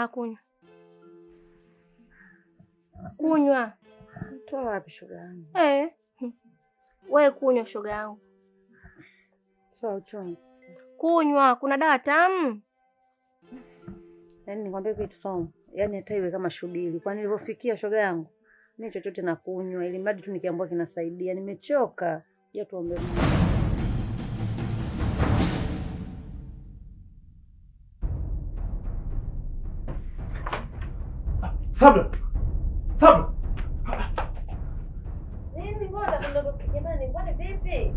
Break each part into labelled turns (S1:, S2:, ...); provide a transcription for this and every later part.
S1: Hakunywa kunywa.
S2: Toa wapi shoga yangu?
S1: Eh, wewe kunywa shoga yangu. Toa uchoni. Kunywa kuna dawa tamu.
S2: Yaani nikwambie kitu somo, yaani hata iwe kama shubiri, nini nilivyofikia shoga yangu mimi chochote nakunywa, ili mradi tu nikiambiwa kinasaidia. Nimechoka, Ya tuombe Mungu.
S3: Sabla. Sabla.
S1: Nini bwana, jamani bwana vipi?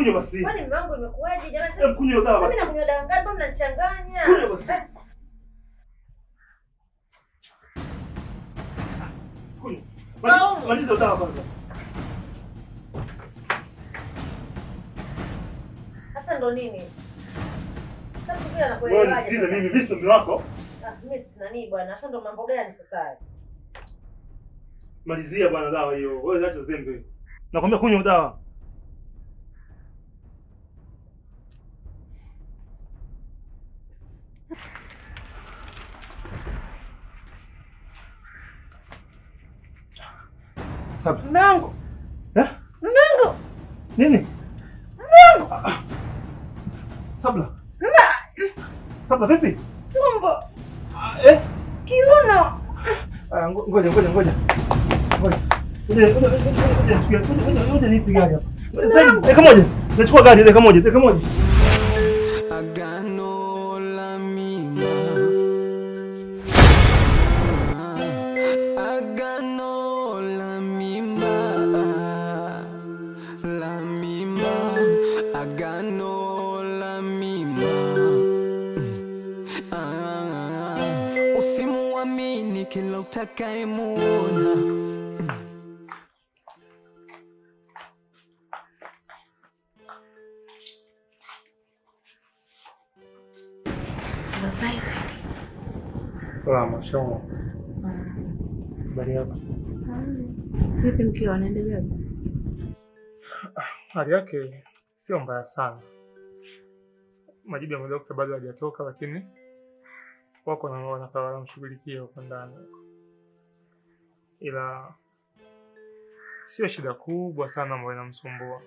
S1: Kunywa basi. Kwani mlango imekuaje jamani? Hebu kunywa dawa. Mimi nakunywa dawa ngapi mbona mnanichanganya?
S3: Kunywa basi. Eh. Kunywa. Maliza dawa kwanza.
S1: Sasa ndo nini? Sasa kile
S3: anakuelewaje? Wewe mimi vitu mume wako?
S1: Ah, mimi sina nini bwana. Sasa ndo mambo gani sasa?
S3: Malizia bwana dawa hiyo. Wewe acha zembe. Nakwambia kunywa dawa. Mlango. Eh? Mlango. Nini?
S1: Mlango. Ah, ah. Sabla. Na. Sabla vipi? Tumbo. Ah, eh? Kiuno.
S3: Ngoja, ngoja, ngoja. Ngoja. Ngoja nipi Sasa, dakika moja. Nachukua gari eka moja, dakika moja.
S4: अच्छा habari yako? Vipi mkiwa Hali yake sio mbaya sana, majibu ya madokta bado hajatoka, lakini wako na wanakaa wanamshughulikia huko ndani, ila sio shida kubwa sana ambayo inamsumbua.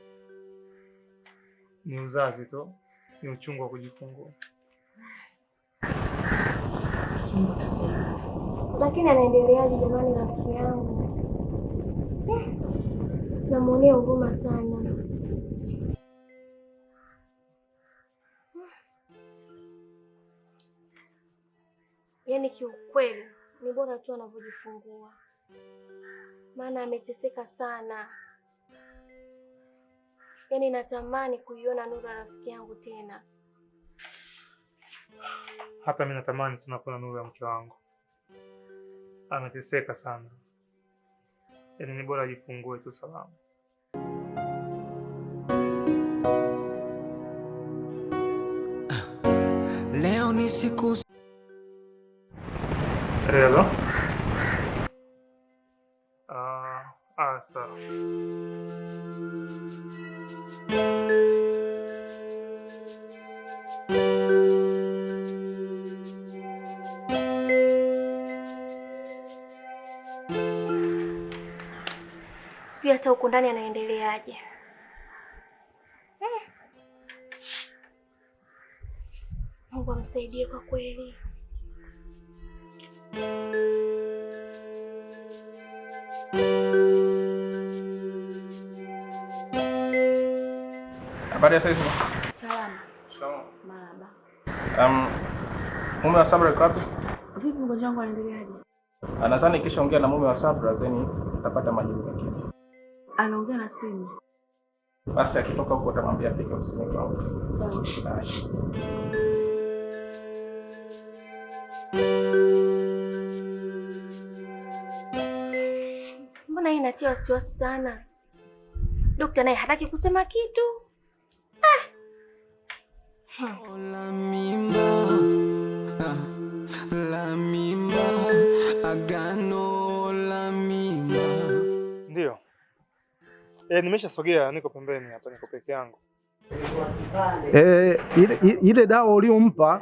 S4: Ni uzazi tu, ni uchungu wa kujifungua.
S1: lakini anaendeleaje jamani, rafiki yangu? Eh, Namwonea huruma sana. Eh. Yaani kiukweli ni bora tu anavyojifungua, maana ameteseka sana. Yaani natamani kuiona nuru ya rafiki yangu tena.
S4: Hata mimi natamani sana kuona nuru ya mke wangu anateseka sana, yaani ni bora ajifungue tu salama. Leo ni siku. Eh, hello. Ah, ah, sawa.
S1: Pita huku ndani anaendeleaje? Eh. Mungu amsaidie kwa kweli. Habari ya sasa? Salama. Salama. Marhaba.
S3: Um, mume wa Sabra yuko wapi?
S1: Vipi mgonjwa wangu anaendeleaje?
S3: Nadhani kisha ongea na mume wa Sabra zeni utapata majibu mengine
S1: anaongea na simu.
S3: Basi akitoka huko utamwambia afike usimu kwao. Sawa.
S1: Mbona hii inatia wasiwasi sana? Dokta naye hataki kusema kitu
S4: Eh, nimeshasogea niko pembeni hapa, niko peke yangu.
S5: Eh, ile, ile dawa uliompa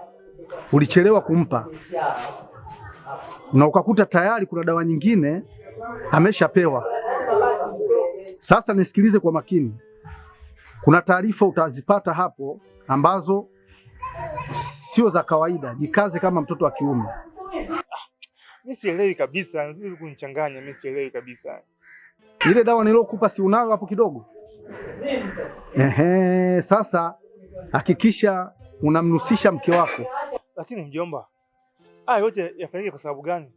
S5: ulichelewa kumpa na ukakuta tayari kuna dawa nyingine ameshapewa. Sasa nisikilize kwa makini, kuna taarifa utazipata hapo ambazo sio za kawaida. Jikaze kama mtoto wa kiume. Mimi
S4: ah, sielewi kabisa, nzuri kunichanganya. Mimi sielewi kabisa
S5: ile dawa nilokupa, si unayo hapo kidogo? Ehe, sasa hakikisha unamnusisha mke wako.
S4: Lakini mjomba, haya yote yafanyike kwa sababu gani?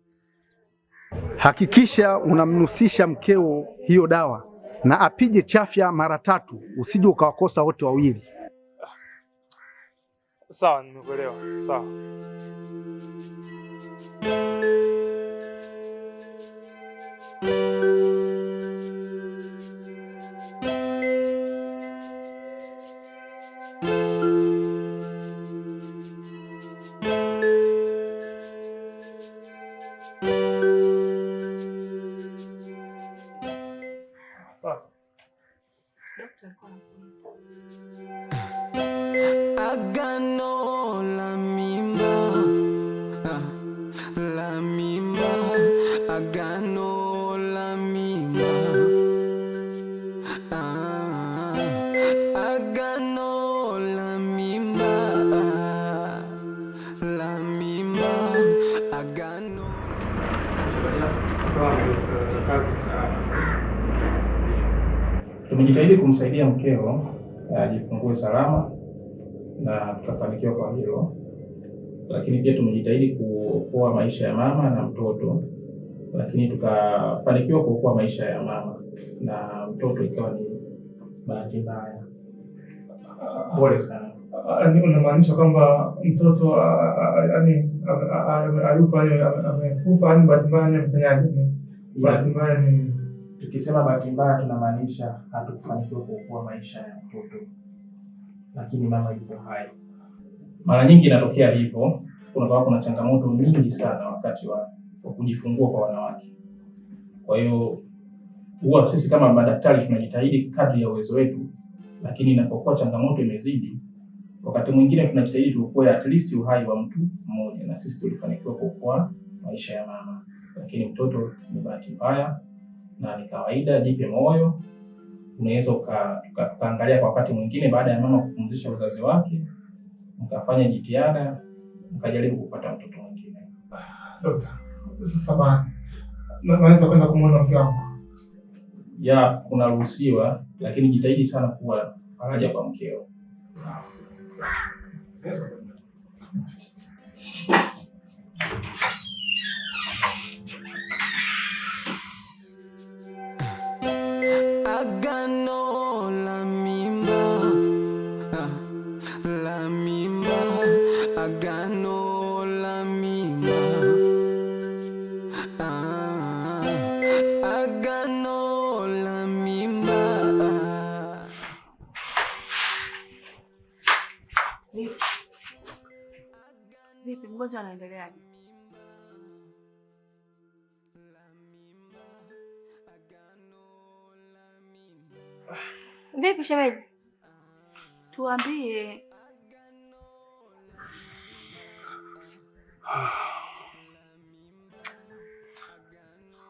S5: Hakikisha unamnusisha mkeo hiyo dawa na apige chafya mara tatu, usije ukawakosa wote wawili.
S4: Sawa, nimekuelewa. Sawa.
S6: la mimba, agano la mima ah, agano la mima la mimba, agano tumejitahidi kumsaidia mkeo ajifungue salama na tutafanikiwa kwa hilo lakini pia tumejitahidi kuokoa maisha ya mama na mtoto, lakini tukafanikiwa kuokoa maisha ya mama na mtoto, ikawa ni bahati mbaya. Pole sana.
S7: Ndio namaanisha kwamba mtoto yaani amekufa, yaani bahati mbaya, ni mfanyaje? Bahati mbaya ni
S6: tukisema bahati mbaya tunamaanisha hatukufanikiwa kuokoa maisha ya mtoto, lakini mama yuko hai. Mara nyingi inatokea hivyo unatoka, kuna changamoto nyingi sana wakati wa kujifungua kwa wanawake. Kwa hiyo huwa sisi kama madaktari tunajitahidi kadri ya uwezo wetu, lakini inapokuwa changamoto imezidi, wakati mwingine tunajitahidi tuokoe at least uhai wa mtu mmoja, na sisi tulifanikiwa kuokoa maisha ya mama, lakini mtoto ni bahati mbaya na ni kawaida. Jipe moyo, unaweza ukaangalia kwa wakati mwingine, baada ya mama kupumzisha uzazi wake, mkafanya jitihada nikajaribu kupata mtoto mwingine.
S7: Sasa bana, naweza kwenda kumwona mke wangu?
S6: Ya, unaruhusiwa, lakini jitahidi sana kuwa faraja kwa mkeo.
S7: Aga
S1: Shemeji, tuambie.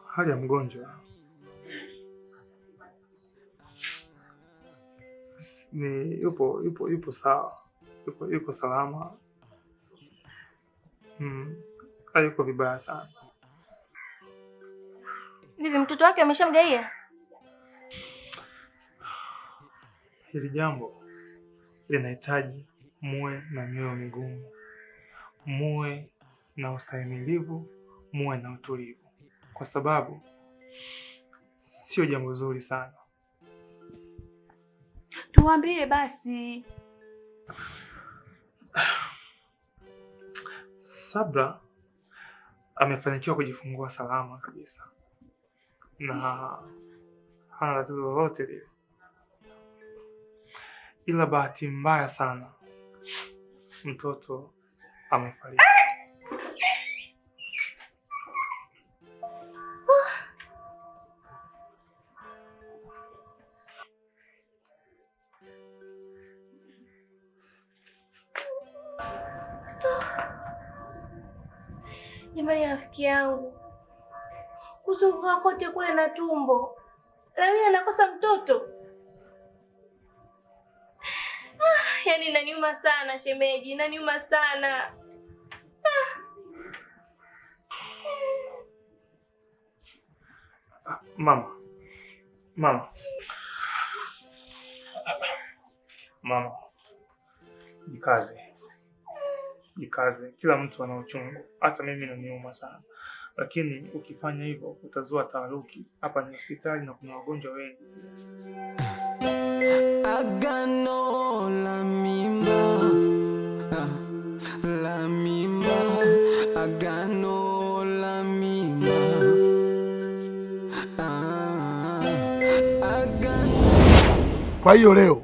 S4: Hali ya mgonjwa ni yupo yupo yupo sawa, yupo yuko salama, mm, hayuko vibaya sana.
S1: Hivi mtoto wake ameshamgaia?
S4: Hili jambo linahitaji muwe na mioyo migumu, muwe na ustahimilivu, muwe na utulivu, kwa sababu sio jambo zuri sana.
S1: Tuambie basi.
S4: Sabra amefanikiwa kujifungua salama kabisa na hana tatizo lolote lile ila bahati mbaya sana mtoto amefariki.
S1: Jamani, rafiki yangu kuzunguka kote kule na tumbo, lakini anakosa mtoto. yani inaniuma sana shemeji, inaniuma sana ah.
S4: Mama, mama, mama, jikaze, jikaze. Kila mtu ana uchungu, hata mimi naniuma sana lakini ukifanya hivyo utazua taharuki. Hapa ni hospitali na kuna wagonjwa wengi.
S8: Kwa hiyo leo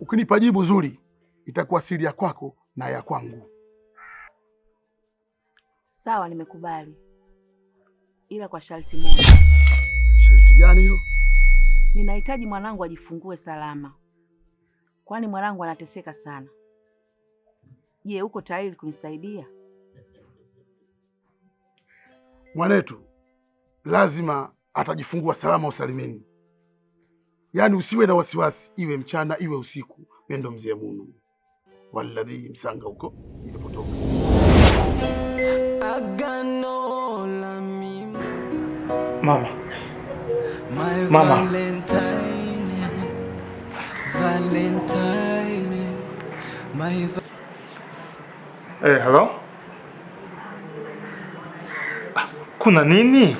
S8: ukinipa jibu zuri itakuwa siri ya kwako na ya kwangu.
S1: Sawa, nimekubali, ila kwa sharti moja.
S8: Sharti gani hiyo?
S1: Ninahitaji mwanangu ajifungue salama, kwani mwanangu anateseka sana. Je, uko tayari kunisaidia?
S8: Mwanetu lazima atajifungua salama usalimini, yaani usiwe na wasiwasi, iwe mchana iwe usiku. Mendo mzee Munu waladhi Msanga huko ilipotoka
S4: mama, mama. Valentine, my va Eh, hello? Ah, kuna nini?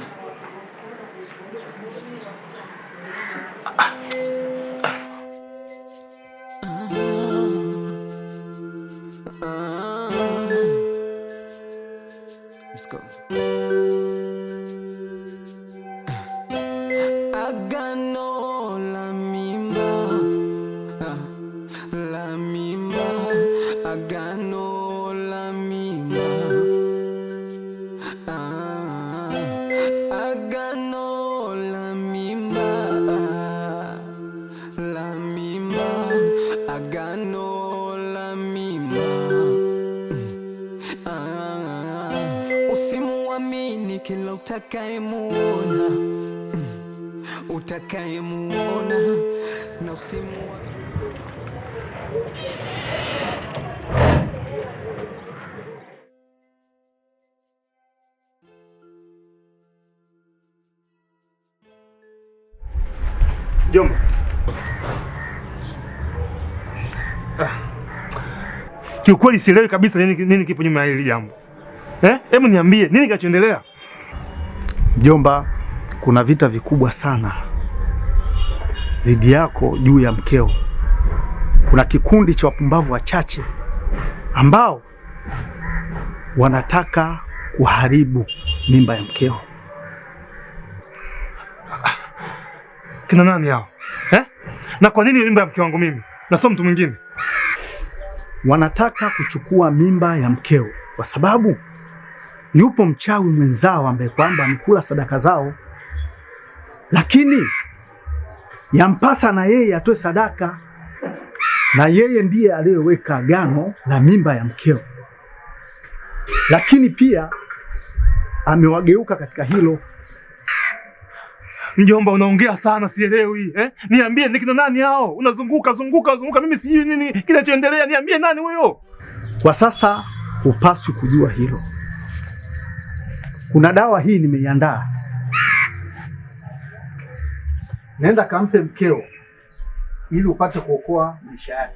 S3: utakayemuona na usimu Jomba. Ah. Kiukweli sielewi kabisa nini, nini kipo nyuma ya hili jambo. Eh? Hebu niambie nini kinachoendelea?
S5: Jomba, kuna vita vikubwa sana dhidi yako juu ya mkeo. Kuna kikundi cha wapumbavu wachache ambao wanataka kuharibu mimba ya mkeo.
S3: Kina nani hao eh? Na kwa nini mimba ya mke wangu mimi na sio mtu mwingine?
S5: Wanataka kuchukua mimba ya mkeo kwa sababu yupo mchawi mwenzao ambaye kwamba amekula sadaka zao, lakini yampasa na yeye atoe sadaka, na yeye ndiye aliyeweka agano la mimba ya mkeo, lakini pia amewageuka katika hilo.
S3: Mjomba, unaongea sana, sielewi eh? Niambie ni kina nani hao? Unazunguka zunguka zunguka, mimi sijui nini kinachoendelea. Niambie nani huyo?
S5: Kwa sasa hupaswi kujua hilo. Kuna dawa hii nimeiandaa nenda kampe mkeo ili upate kuokoa maisha yake.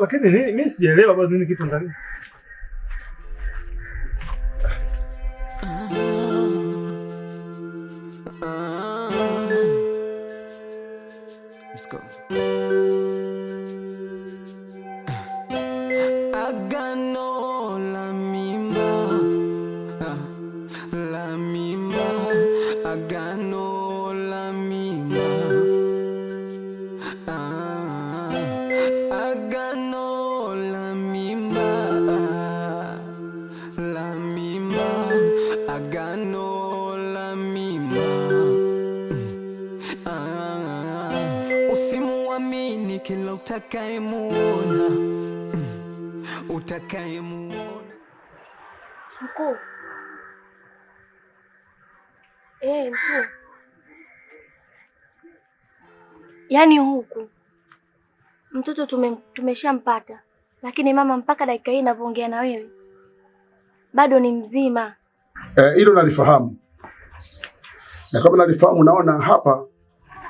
S3: Lakini mimi sijaelewa bado nini kitu ndani. Ah. Ah. Let's go.
S1: nikayemuona mkuu. Eh, mkuu, yaani huku mtoto tume, tumeshampata lakini mama mpaka dakika hii inavyoongea na wewe bado ni mzima.
S8: Eh, hilo eh, nalifahamu na kama nalifahamu, naona hapa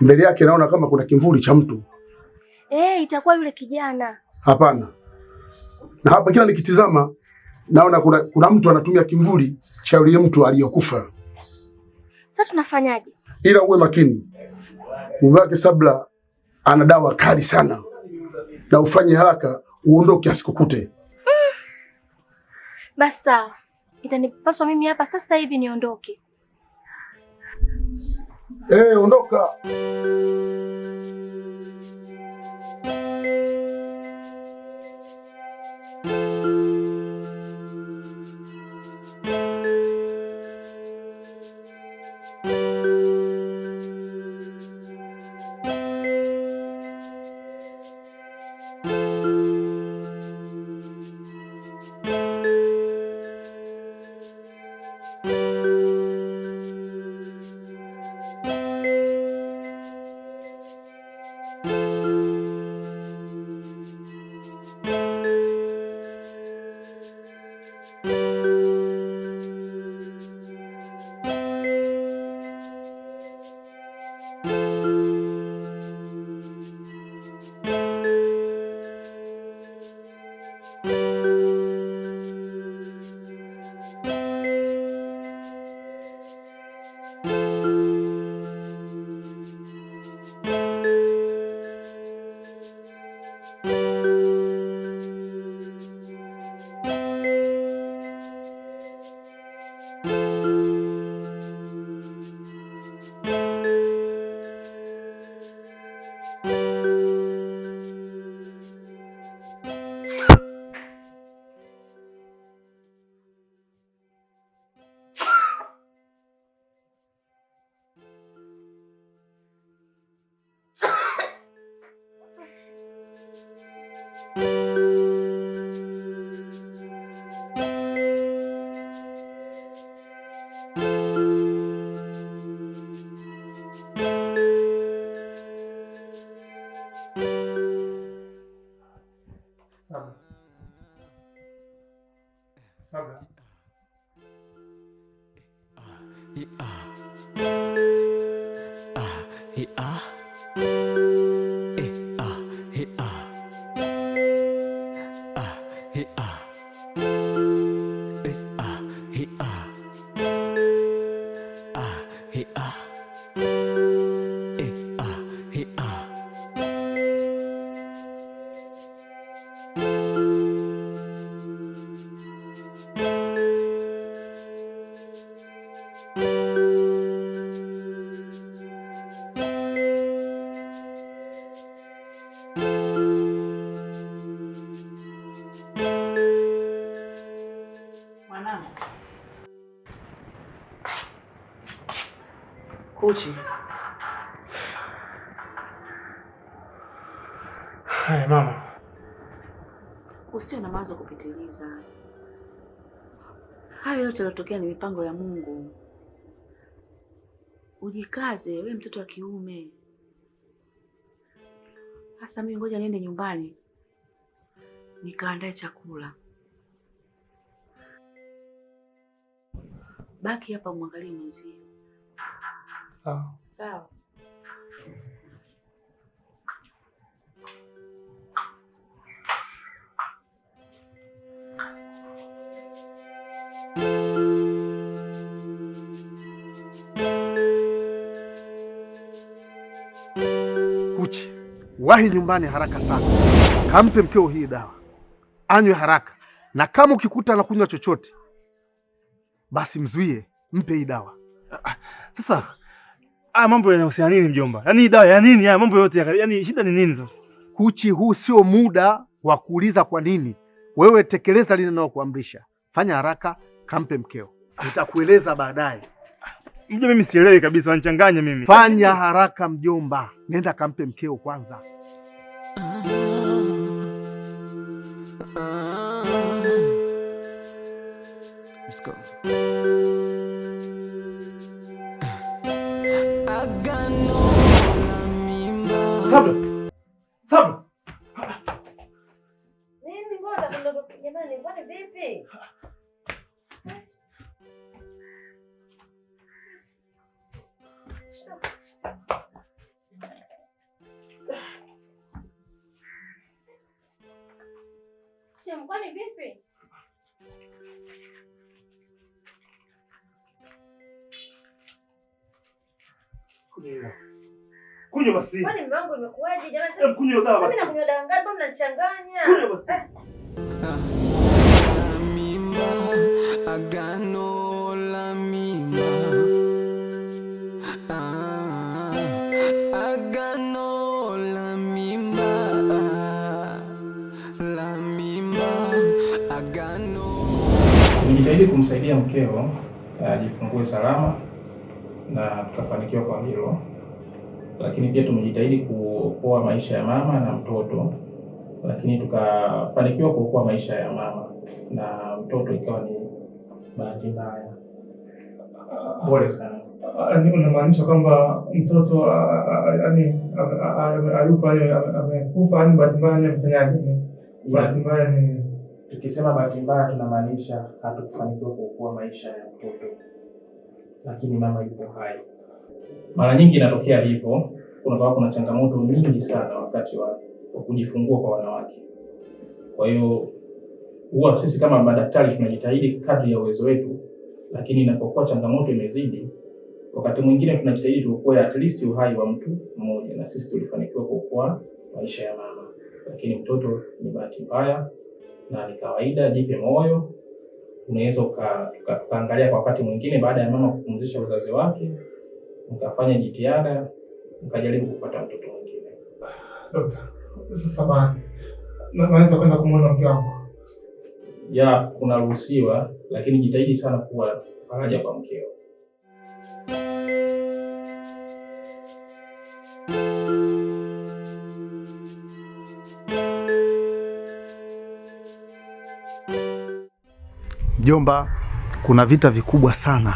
S8: mbele yake, naona kama kuna kimvuli cha mtu
S1: eh, itakuwa yule kijana.
S8: Hapana, na hapa kila nikitizama naona kuna, kuna mtu anatumia kimvuli cha yule mtu aliyokufa.
S1: Sasa tunafanyaje?
S8: Ila uwe makini, mume wake Sabla ana dawa kali sana, na ufanye haraka uondoke asikukute. Mm.
S1: Basi sawa, itanipaswa mimi hapa sasa hivi niondoke.
S8: Eh, ondoka.
S1: Hey, ah. pia ni mipango ya Mungu. Ujikaze wewe mtoto wa kiume. Sasa mimi ngoja niende nyumbani nikaandae chakula. Baki hapa mwangalie mwenzie. Sawa. Sawa.
S5: wahi nyumbani haraka sana, kampe mkeo hii dawa anywe haraka, na kama ukikuta anakunywa chochote, basi mzuie, mpe hii dawa.
S3: Sasa haya mambo yanahusiana nini mjomba? Yaani hii dawa ya nini? Haya mambo yote yaani, shida ni nini sasa?
S5: Kuchi, huu sio muda wa kuuliza kwa nini. Wewe tekeleza lile linalokuamrisha, fanya haraka, kampe mkeo. Nitakueleza baadaye.
S3: Mjomba, mimi sielewi kabisa, wanchanganya mimi.
S5: Fanya haraka mjomba, nenda kampe mkeo kwanza. Ah, ah, ah,
S1: Mnadanganya, mnachanganya.
S3: Eh. Agano la mima. Ah,
S6: agano la mima. La mima. Agano. Nijitahidi kumsaidia mkeo eh, ajifungue salama na tutafanikiwa kwa hilo lakini pia tumejitahidi kuokoa maisha ya mama na mtoto, lakini tukafanikiwa kuokoa maisha ya mama na mtoto, ikawa ni bahati mbaya. Pole sana.
S7: Yaani unamaanisha kwamba mtoto yaani alikufa, yaani, amekufa yaani bahati mbaya? Yaani Mfanyaje bahati mbaya ni
S6: tukisema bahati mbaya tunamaanisha hatukufanikiwa kuokoa maisha ya mtoto, lakini mama yuko hai. Mara nyingi inatokea hivyo, kunakuwa kuna changamoto nyingi sana wakati wa kujifungua kwa wanawake. Kwa hiyo huwa sisi kama madaktari tunajitahidi kadri ya uwezo wetu, lakini inapokuwa changamoto imezidi, wakati mwingine tunajitahidi tuokoe at least uhai wa mtu mmoja, na sisi tulifanikiwa kuokoa maisha ya mama, lakini mtoto ni bahati mbaya na ni kawaida. Jipe moyo, unaweza ukaangalia kwa wakati mwingine baada ya mama kupumzisha uzazi wake mkafanya jitihada mkajaribu kupata mtoto mwingine.
S7: Dokta, sasa naweza kwenda kumwona mke wangu?
S6: Ya, kunaruhusiwa, lakini jitahidi sana kuwa faraja kwa mkeo.
S5: jomba kuna vita vikubwa sana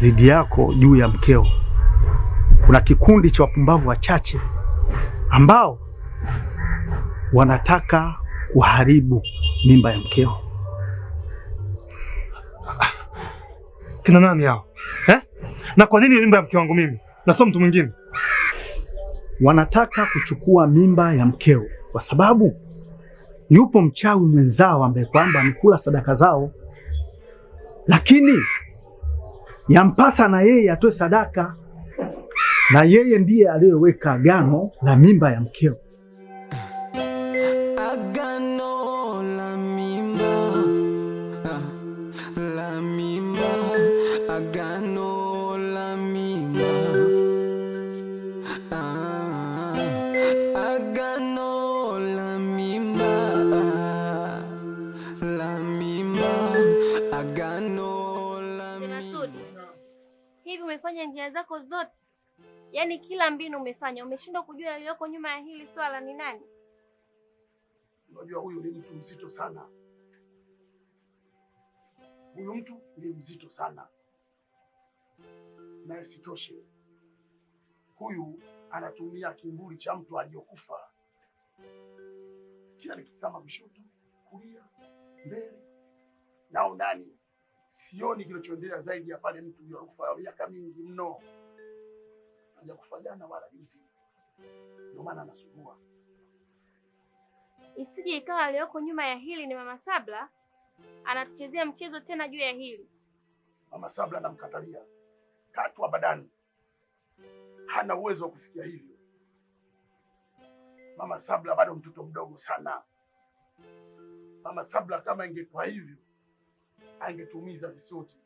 S5: dhidi yako juu ya mkeo. Kuna kikundi cha wapumbavu wachache ambao wanataka kuharibu mimba ya mkeo.
S3: Kina nani hao eh? Na kwa nini mimba ya mke wangu mimi na sio mtu mwingine?
S5: Wanataka kuchukua mimba ya mkeo kwa sababu yupo mchawi mwenzao ambaye kwamba amekula sadaka zao, lakini yampasa na yeye atoe sadaka, na yeye ndiye aliyeweka agano la mimba ya mkeo. Agano la mimba
S1: nia zako zote, yaani kila mbinu umefanya, umeshindwa kujua yaliyoko nyuma ya hili swala ni nani.
S8: Unajua huyu ni mtu mzito sana, huyu mtu ni mzito sana, na isitoshe huyu anatumia kimburi cha mtu aliyokufa. Kila nikitazama kushoto, kulia, mbele, nao ndani sioni kilichoendelea zaidi ya pale mtu huyo miaka mingi mno, hajakufa jana wala juzi, ndio maana anasugua.
S1: Isije ikawa aliyoko nyuma ya hili ni mama Sabla anatuchezea mchezo tena juu ya hili.
S8: Mama Sabla anamkatalia tatu abadani, hana uwezo wa kufikia hivyo. Mama Sabla bado mtoto mdogo sana. Mama Sabla kama ingekuwa hivyo angetuumiza sisi wote.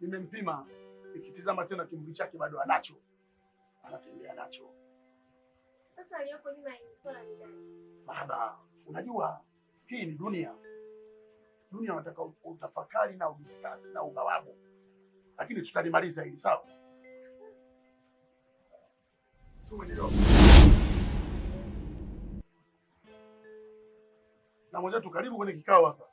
S8: Nimempima nikitizama tena kimbi chake bado anacho, anatembea nacho.
S1: Sasa aliyoko nyuma
S8: baba, unajua hii ni dunia. Dunia unataka utafakari na udiskasi na ubawabu, lakini tutalimaliza hili sawa. Na mwenzetu, karibu kwenye kikao hapa.